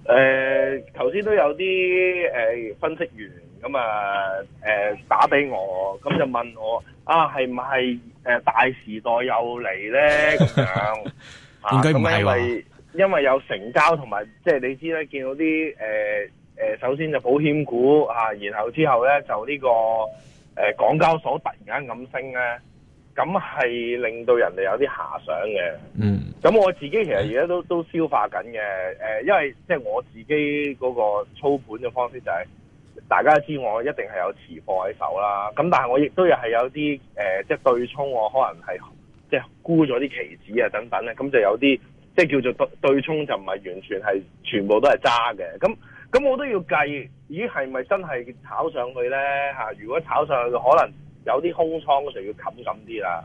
.誒、呃，頭先都有啲誒、呃、分析員咁啊，誒、呃、打俾我，咁就問我啊係唔係誒大時代又嚟咧咁樣？點解唔係？啊、因為因為有成交同埋，即係你知啦，見到啲誒誒，首先就保險股吓、啊，然後之後咧就呢、這個誒、呃、港交所突然間咁升咧。咁係令到人哋有啲遐想嘅。嗯。咁我自己其實而家都都消化緊嘅。誒、呃，因為即係我自己嗰個操盤嘅方式就係、是，大家都知我一定係有持貨喺手啦。咁但係我亦都係有啲即係對沖，我可能係即係沽咗啲期指啊等等咧。咁就有啲即係叫做對對沖，就唔係完全係全部都係揸嘅。咁咁我都要計，咦係咪真係炒上去咧吓、啊、如果炒上去就可能。有啲空倉嘅時候要冚緊啲啦，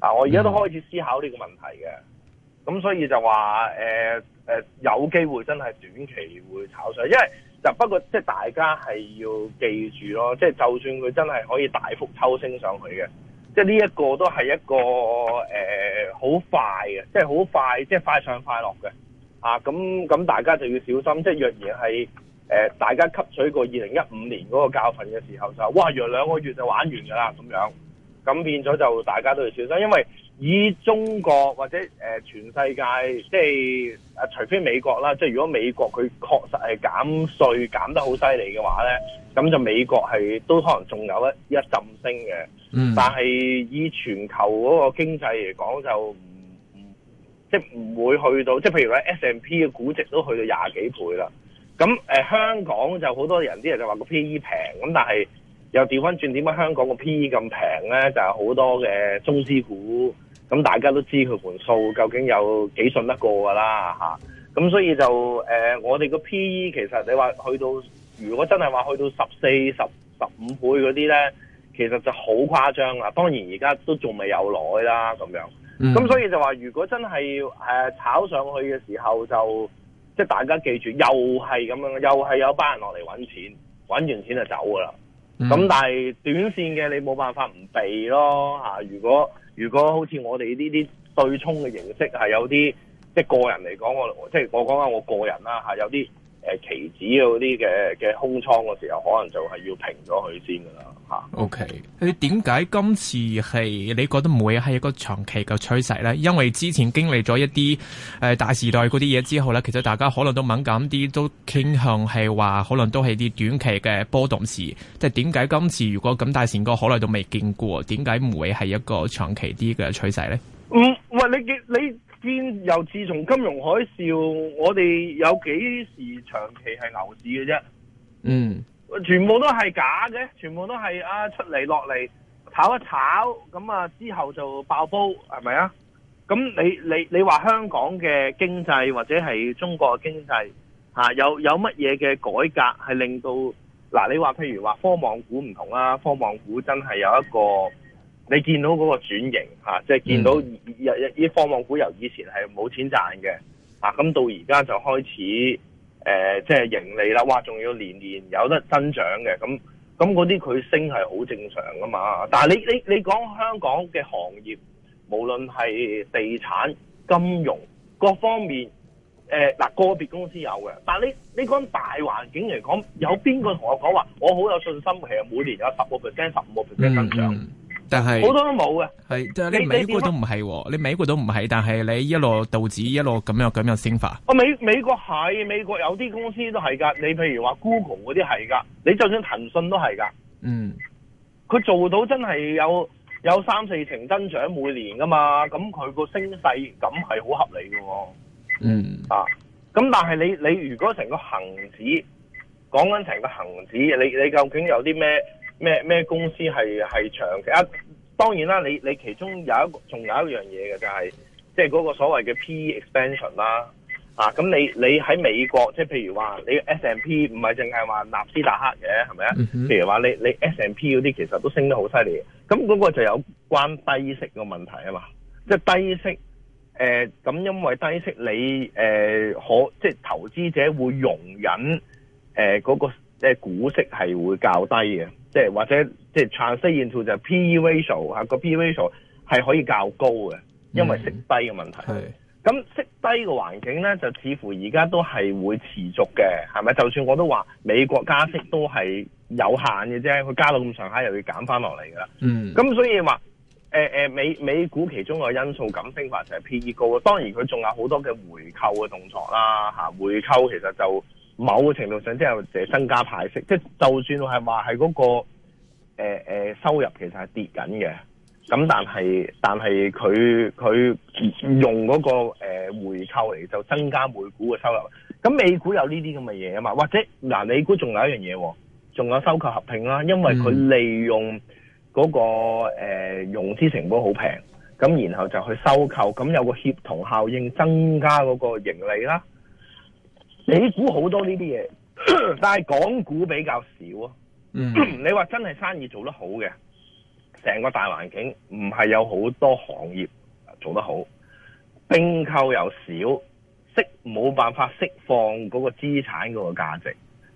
啊！我而家都開始思考呢個問題嘅，咁所以就話、呃呃、有機會真係短期會炒上，因為就不過即係大家係要記住咯，即係就算佢真係可以大幅抽升上去嘅，即係呢一個都係一個誒好快嘅，即係好快，即係快上快落嘅，啊！咁咁大家就要小心，即係若然係。誒，大家吸取過二零一五年嗰個教訓嘅時候，就哇，原來兩個月就玩完㗎啦咁樣，咁變咗就大家都要小心，因為以中國或者誒全世界，即係啊，除非美國啦，即係如果美國佢確實係減稅減得好犀利嘅話咧，咁就美國係都可能仲有一一浸升嘅、嗯。但係以全球嗰個經濟嚟講，就唔唔即係唔會去到，即係譬如咧，S&P 嘅估值都去到廿幾倍啦。咁、呃、香港就好多人，啲人就話個 P E 平，咁但係又調翻轉，點解香港個 P E 咁平咧？就係、是、好多嘅中資股，咁大家都知佢盤數究竟有幾信得過噶啦吓咁、啊、所以就誒、呃，我哋個 P E 其實你話去到，如果真係話去到十四、十十五倍嗰啲咧，其實就好誇張啦。當然而家都仲未有耐啦咁樣。咁、嗯、所以就話，如果真係、呃、炒上去嘅時候就。即係大家記住，又係咁樣，又係有班人落嚟揾錢，揾完錢就走㗎啦。咁、嗯、但係短線嘅你冇辦法唔避咯嚇。如果如果好似我哋呢啲對沖嘅形式係有啲，即係個人嚟講，我即係我講下我個人啦嚇，有啲。誒、呃，期指嗰啲嘅嘅空倉嘅時候，可能就係要停咗佢先噶啦吓。O K，你點解今次係你覺得唔會係一個長期嘅趨勢咧？因為之前經歷咗一啲誒、呃、大時代嗰啲嘢之後咧，其實大家可能都敏感啲，都傾向係話，可能都係啲短期嘅波動市。即係點解今次如果咁大善哥好耐都未見過，點解唔會係一個長期啲嘅趨勢咧？唔、嗯、喂，你你。邊又？自從金融海嘯，我哋有幾時長期係牛市嘅啫？嗯、mm.，全部都係假嘅，全部都係啊出嚟落嚟炒一炒，咁啊之後就爆煲，係咪啊？咁你你你話香港嘅經濟或者係中國嘅經濟吓，有有乜嘢嘅改革係令到？嗱，你話譬如話科網股唔同啦，科網股真係有一個。你見到嗰個轉型嚇，即、啊、係、就是、見到有有啲科網股由以前係冇錢賺嘅，啊咁到而家就開始誒，即、呃、係、就是、盈利啦！哇，仲要年年有得增長嘅，咁咁嗰啲佢升係好正常㗎嘛？但係你你你講香港嘅行業，無論係地產、金融各方面，誒、呃、嗱個別公司有嘅，但係你你講大環境嚟講，有邊個同我講話我好有信心，其實每年有十個 percent、十五個 percent 增長？嗯嗯。但係好多都冇嘅，即係你，你美國都唔係，你美國都唔係，但係你一路道指一路咁樣咁樣升法。我美美國係美國有啲公司都係㗎，你譬如話 Google 嗰啲係㗎，你就算騰訊都係㗎。嗯，佢做到真係有有三四成增長每年㗎嘛？咁佢個升勢咁係好合理嘅喎、啊。嗯啊，咁但係你你如果成個恒指講緊成個恒指，你你究竟有啲咩？咩咩公司係係長期啊？當然啦，你你其中有一個仲有一樣嘢嘅，就係即係嗰個所謂嘅 P.E. expansion 啦。啊，咁你你喺美國，即係譬如話你 S&P 唔係淨係話納斯達克嘅，係咪啊？譬如話你你 S&P 嗰啲其實都升得好犀利。咁嗰個就有關低息嘅問題啊嘛，即係、就是、低息誒咁，呃、因為低息你誒、呃、可即係投資者會容忍誒嗰、呃那個股息係會較低嘅。即係或者即係 translate into 就係 P/E ratio 吓，個 P/E ratio 係可以較高嘅，因為息低嘅問題。咁、mm-hmm. 息低嘅環境咧，就似乎而家都係會持續嘅，係咪？就算我都話美國加息都係有限嘅啫，佢加到咁上下又要減翻落嚟噶啦。咁、mm-hmm. 所以話誒誒美美股其中個因素，咁升法就係 P/E 高咯。當然佢仲有好多嘅回購嘅動作啦，吓、啊、回購其實就。某個程度上，即係增加派息，即係就算係話係嗰個誒、呃呃、收入其實係跌緊嘅，咁但係但係佢佢用嗰個誒回購嚟就增加每股嘅收入，咁美股有呢啲咁嘅嘢啊嘛，或者嗱，美股仲有一樣嘢，仲有收購合併啦，因為佢利用嗰個誒融資成本好平，咁然後就去收購，咁有個協同效應增加嗰個盈利啦。你估好多呢啲嘢，但係港股比較少啊、嗯。你話真係生意做得好嘅，成個大環境唔係有好多行業做得好，並購又少，釋冇辦法釋放嗰個資產嗰個價值。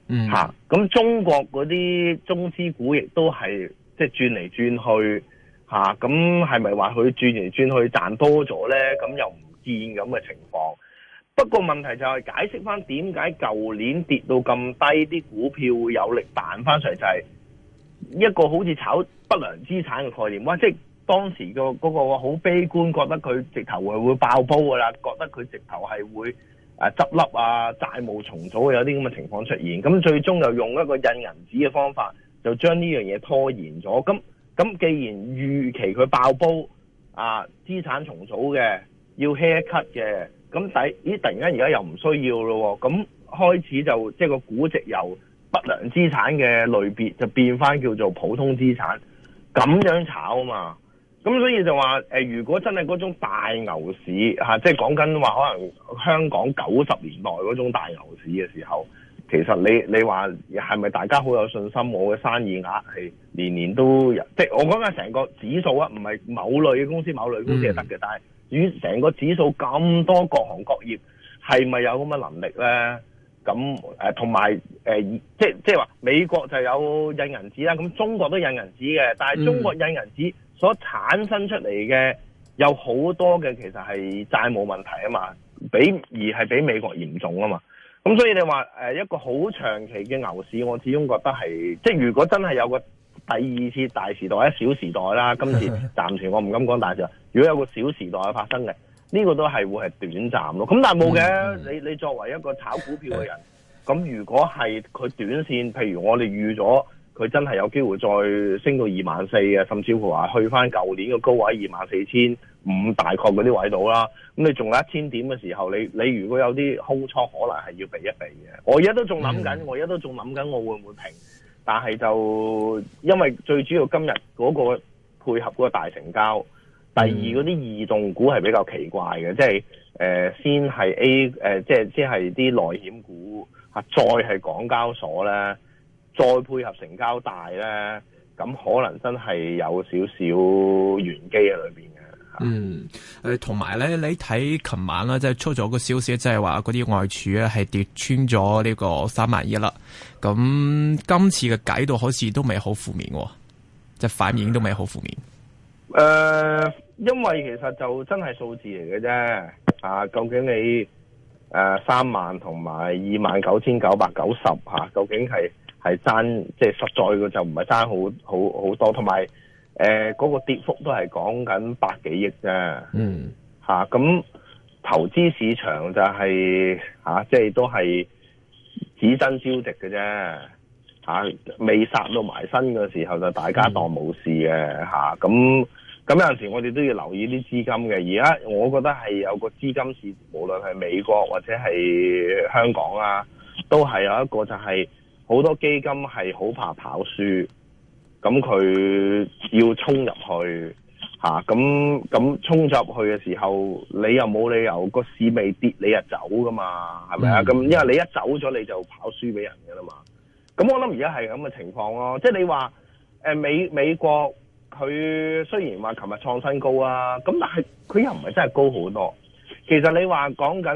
咁、嗯啊、中國嗰啲中資股亦都係即係轉嚟轉去咁係咪話佢轉嚟轉去賺多咗咧？咁又唔見咁嘅情況。不過問題就係解釋翻點解舊年跌到咁低啲股票會有力彈翻上嚟，就係、是、一個好似炒不良資產嘅概念。哇！即、就、係、是、當時個嗰個好悲觀，覺得佢直頭係會爆煲噶啦，覺得佢直頭係會誒執笠啊，債務重組會有啲咁嘅情況出現。咁最終又用一個印銀紙嘅方法，就將呢樣嘢拖延咗。咁咁既然預期佢爆煲啊，資產重組嘅要 hair cut 嘅。咁底咦！突然間而家又唔需要咯，咁開始就即係個估值由不良資產嘅類別就變翻叫做普通資產，咁樣炒啊嘛！咁所以就話誒，如果真係嗰種大牛市吓，即係講緊話可能香港九十年代嗰種大牛市嘅時候，其實你你話係咪大家好有信心？我嘅生意額係年年都有，即係我講緊成個指數啊，唔係某類嘅公司、某類公司係得嘅，但、嗯、係。與成個指數咁多各行各業，係咪有咁嘅能力咧？咁同埋即係即係話美國就有印銀紙啦，咁中國都印銀紙嘅，但係中國印銀紙所產生出嚟嘅有好多嘅其實係債務問題啊嘛，比而係比美國嚴重啊嘛。咁所以你話、呃、一個好長期嘅牛市，我始終覺得係即係如果真係有個。第二次大時代一小時代啦。今次暫時我唔敢講大時代。如果有個小時代發生嘅，呢個都係會係短暫咯。咁但係冇嘅。你你作為一個炒股票嘅人，咁如果係佢短線，譬如我哋預咗佢真係有機會再升到二萬四呀，甚至乎話去翻舊年嘅高位二萬四千五大概嗰啲位度啦。咁你仲有一千點嘅時候，你你如果有啲空倉，可能係要避一避嘅。我而家都仲諗緊，我而家都仲諗緊，我會唔會平？但係就因為最主要今日嗰個配合嗰個大成交，第二嗰啲異動股係比較奇怪嘅，即、就、係、是呃、先係 A 即係即係啲內險股，再係港交所咧，再配合成交大咧，咁可能真係有少少玄機喺裏面。嗯，誒、呃，同埋咧，你睇琴晚啦，即係出咗個消息，即係話嗰啲外儲咧係跌穿咗呢個三萬億啦。咁今次嘅解度好似都未好負面喎，哦，即係反應都未好負面。誒、呃，因為其實就真係數字嚟嘅啫。啊，究竟你誒三萬同埋二萬九千九百九十吓，究竟係係爭即係實在嘅就唔係爭好好好多，同埋。誒、呃、嗰、那個跌幅都係講緊百幾億啫，嗯，吓、啊、咁，投資市場就係、是、吓，即、啊、係、就是、都係指真招值嘅啫，吓、啊、未殺到埋身嘅時候就大家當冇事嘅吓，咁、嗯、咁、啊、有陣時我哋都要留意啲資金嘅，而家我覺得係有個資金市，無論係美國或者係香港啊，都係有一個就係好多基金係好怕跑輸。咁佢要衝入去，吓，咁咁衝入去嘅時候，你又冇理由個市未跌，你又走噶嘛，係咪啊？咁、mm-hmm. 因為你一走咗，你就跑輸俾人噶啦嘛。咁我諗而家係咁嘅情況咯，即係你話誒美、美國佢雖然話琴日創新高啊，咁但係佢又唔係真係高好多。其實你話講緊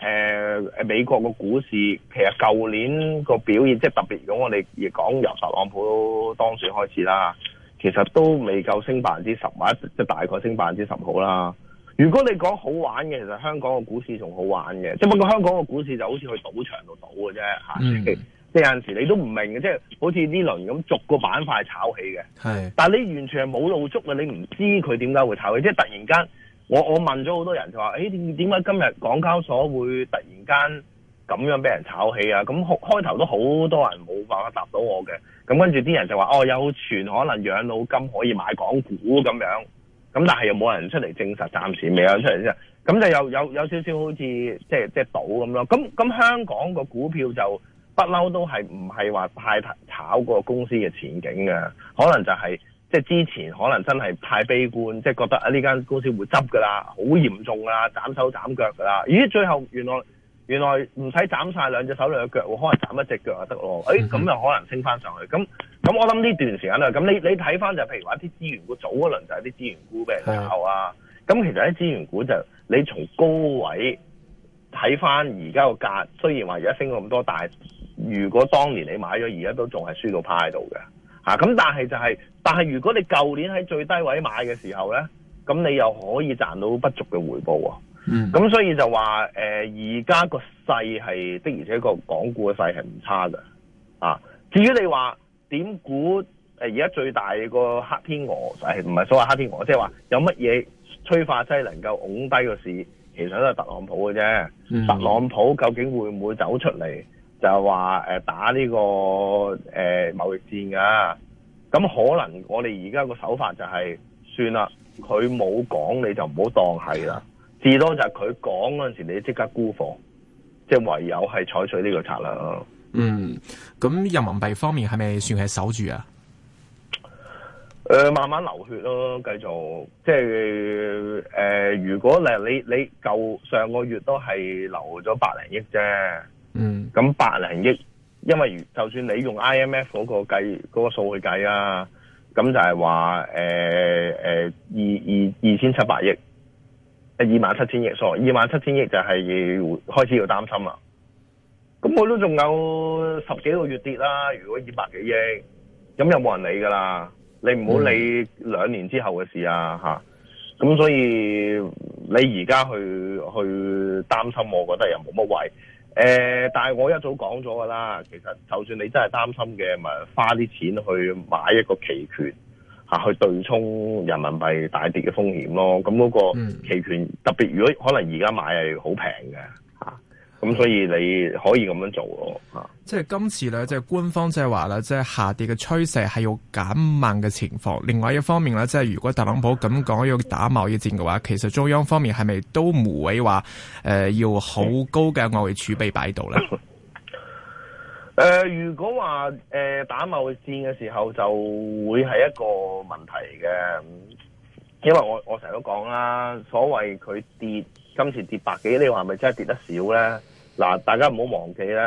誒誒美國個股市，其實舊年個表現，即係特別如果我哋而講由特朗普當選開始啦，其實都未夠升百分之十，或者即係大概升百分之十好啦。如果你講好玩嘅，其實香港個股市仲好玩嘅，即係不過香港個股市就好似去賭場度賭嘅啫吓，即、嗯、係有陣時你都唔明嘅，即係好似呢輪咁逐個板塊炒起嘅，係，但係你完全係冇路捉嘅，你唔知佢點解會炒起，即係突然間。我我問咗好多人就話，誒點解今日港交所會突然間咁樣俾人炒起啊？咁、嗯、開開頭都好多人冇辦法答到我嘅，咁、嗯、跟住啲人就話，哦有傳可能養老金可以買港股咁樣，咁、嗯、但係又冇人出嚟證實，暫時未有出嚟啫。咁、嗯、就有有有少少好似即係即係賭咁咯。咁、嗯、咁、嗯嗯、香港個股票就不嬲都係唔係話太炒個公司嘅前景嘅，可能就係、是。即係之前可能真係太悲觀，即係覺得啊呢間公司會執㗎啦，好嚴重㗎啦，斬手斬腳㗎啦。咦，最後原來原來唔使斬晒兩隻手兩隻腳，可能斬一隻腳就得咯。哎，咁又可能升翻上去。咁咁我諗呢段時間啦。咁你你睇翻就譬如話啲資源股早嗰輪就係啲資源股俾人炒啊。咁其實啲資源股就你從高位睇翻而家個價，雖然話而家升咗咁多，但係如果當年你買咗，而家都仲係輸到趴喺度嘅。嗱，咁但係就係，但係、就是、如果你舊年喺最低位買嘅時候咧，咁你又可以賺到不俗嘅回報喎、啊。嗯，咁所以就話，誒、呃，而家個勢係的而且確港股嘅勢係唔差噶。啊，至於你話點估，誒，而、呃、家最大嘅個黑天鵝，誒，唔係所謂黑天鵝，即係話有乜嘢催化劑能夠拱低個市，其實都係特朗普嘅啫、嗯。特朗普究竟會唔會走出嚟？就係話誒打呢、這個誒貿、呃、易戰噶、啊，咁可能我哋而家個手法就係、是、算啦，佢冇講你就唔好當係啦，至多就係佢講嗰陣時候你即刻沽貨，即、就、係、是、唯有係採取呢個策略啦、啊。嗯，咁人民幣方面係咪算係守住啊？誒、呃，慢慢流血咯、啊，繼續即係誒，如果嗱你你舊上個月都係流咗百零億啫。嗯，咁百零億，因為就算你用 IMF 嗰個計、嗰個數去計啊，咁就係話誒誒二二二,二千七百億，二萬七千億數，二萬七千億就係開始要擔心啦。咁我都仲有十幾個月跌啦，如果二百幾億，咁又冇人理噶啦？你唔好理兩年之後嘅事啊，吓、嗯。咁、啊、所以你而家去去擔心，我覺得又冇乜謂。誒、呃，但係我一早講咗噶啦，其實就算你真係擔心嘅，咪花啲錢去買一個期權吓、啊，去對沖人民幣大跌嘅風險咯。咁嗰個期權，特別如果可能而家買係好平嘅。咁所以你可以咁樣做咯，吓、啊。即係今次咧，即、就、係、是、官方即係話啦，即係下跌嘅趨勢係要減慢嘅情況。另外一方面咧，即係如果特朗普咁講要打貿易戰嘅話，其實中央方面係咪都唔會話誒、呃、要好高嘅外匯儲備擺度咧？誒、嗯 呃，如果話誒、呃、打貿易戰嘅時候，就會係一個問題嘅。因為我我成日都講啦，所謂佢跌今次跌百幾，你話係咪真係跌得少咧？嗱，大家唔好忘記咧，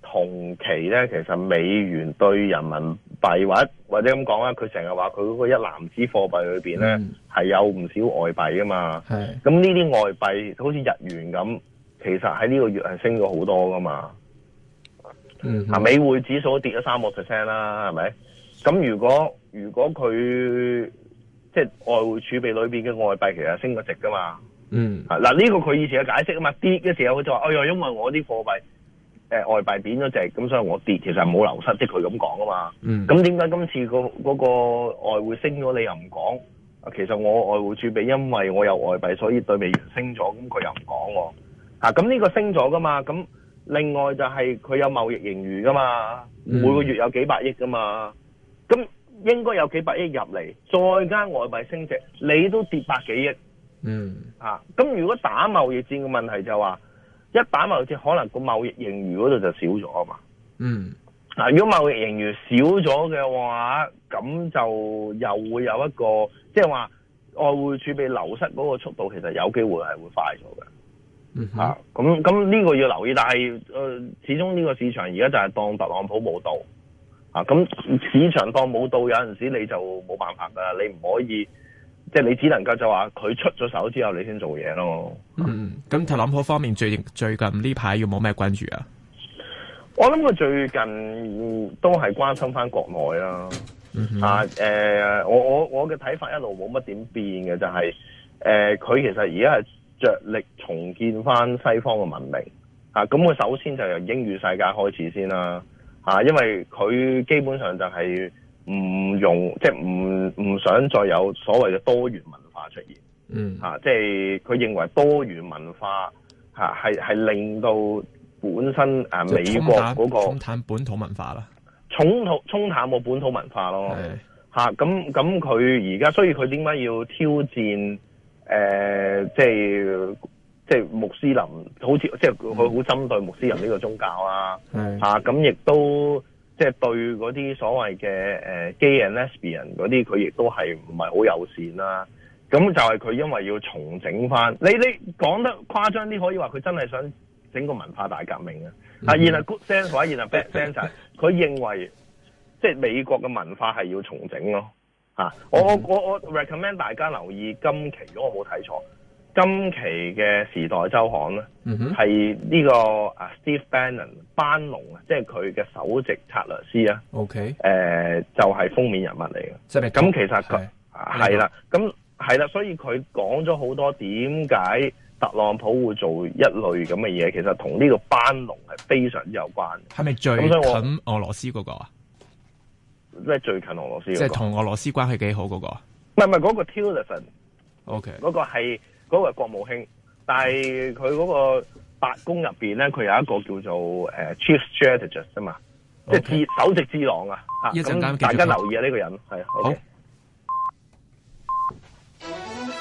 同期咧，其實美元對人民幣或或者咁講啦，佢成日話佢嗰個一籃子貨幣裏邊咧係有唔少外幣噶嘛。係、嗯，咁呢啲外幣好似日元咁，其實喺呢個月係升咗好多噶嘛。嗯，嗱，美匯指數跌咗三個 percent 啦，係咪？咁如果如果佢即係外匯儲備裏邊嘅外幣其實是升咗值噶嘛？嗯，嗱、這、呢個佢以前嘅解釋啊嘛，跌嘅時候佢就話，哎喲，因為我啲貨幣誒、呃、外幣貶咗值，咁、嗯、所以我跌，其實係冇流失，即佢咁講啊嘛。嗯，咁點解今次個、嗰個外匯升咗，你又唔講？啊，其實我外匯儲備因為我有外幣，所以對美元升咗，咁、嗯、佢、嗯、又唔講喎。啊，咁、這、呢個升咗噶嘛？咁另外就係佢有貿易盈餘噶嘛，每個月有幾百億噶嘛，咁、嗯嗯、應該有幾百億入嚟，再加外幣升值，你都跌百幾億。嗯，啊，咁如果打貿易戰嘅問題就係話，一打貿易戰可能個貿易盈餘嗰度就少咗啊嘛。嗯，嗱、啊，如果貿易盈餘少咗嘅話，咁就又會有一個，即係話外匯儲備流失嗰個速度，其實有機會係會快咗嘅。嗯，吓、啊，咁咁呢個要留意，但係，誒、呃，始終呢個市場而家就係當特朗普冇到，啊，咁市場當冇到，有陣時你就冇辦法噶啦，你唔可以。即係你只能夠就話佢出咗手之後，你先做嘢咯。嗯，咁特朗普方面最近最近呢排有冇咩關注啊？我諗佢最近都係關心翻國內啦、啊嗯。啊，誒、呃，我我我嘅睇法一路冇乜點變嘅，就係、是、誒，佢、呃、其實而家係着力重建翻西方嘅文明。啊，咁佢首先就由英語世界開始先啦、啊。啊，因為佢基本上就係、是。唔用即係唔唔想再有所謂嘅多元文化出現，嗯，吓、啊、即係佢認為多元文化吓係係令到本身誒美國、嗰個沖淡，淡本土文化啦，沖土沖淡冇本土文化咯，吓咁咁佢而家所以佢點解要挑戰誒、呃、即係即係穆斯林，好似即係佢好針對穆斯林呢個宗教啊，吓咁亦都。即係對嗰啲所謂嘅、呃、gay and lesbian 嗰啲，佢亦都係唔係好友善啦、啊。咁就係佢因為要重整翻，你你講得誇張啲，可以話佢真係想整個文化大革命啊！啊、嗯，然後 good sense，或者然後 bad sense，佢 認為即、係、美國嘅文化係要重整咯、啊啊嗯。我我我 recommend 大家留意今期，如果我冇睇錯。今期嘅時代周刊咧，係、嗯、呢個啊 Steve Bannon 班農啊，即係佢嘅首席策略師啊。O K，誒就係、是、封面人物嚟嘅。咁、那個、其實佢係啦，咁係啦，所以佢講咗好多點解特朗普會做一類咁嘅嘢，其實同呢個班農係非常之有關。係咪最近俄羅斯嗰、那個啊？即係最近俄羅斯、那個，即係同俄羅斯關係幾好嗰、那個？唔係唔係嗰個 Tillerson O K，嗰個係。Okay. 嗰、那個國務卿，但係佢嗰個白宮入邊咧，佢有一個叫做誒、uh, chief strategist 啊嘛，即係智首席智囊啊，咁、啊啊、大家留意下、啊、呢個人，係、啊 okay、好。